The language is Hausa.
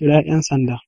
Kira ‘yan sanda!